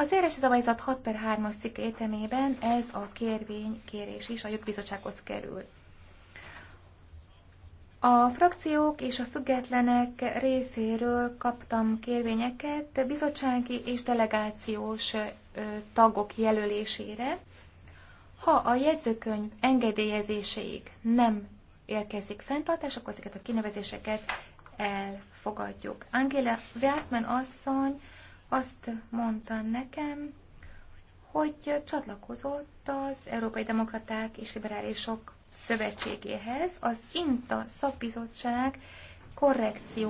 A széles szabályzat 6 per 3-as cikk értelmében ez a kérvény kérés is a jogbizottsághoz kerül. A frakciók és a függetlenek részéről kaptam kérvényeket bizottsági és delegációs tagok jelölésére. Ha a jegyzőkönyv engedélyezéséig nem érkezik fenntartás, akkor ezeket a kinevezéseket elfogadjuk. Angela Wertmann asszony azt mondta nekem, hogy csatlakozott az Európai Demokraták és Liberálisok Szövetségéhez, az INTA szakbizottság korrekció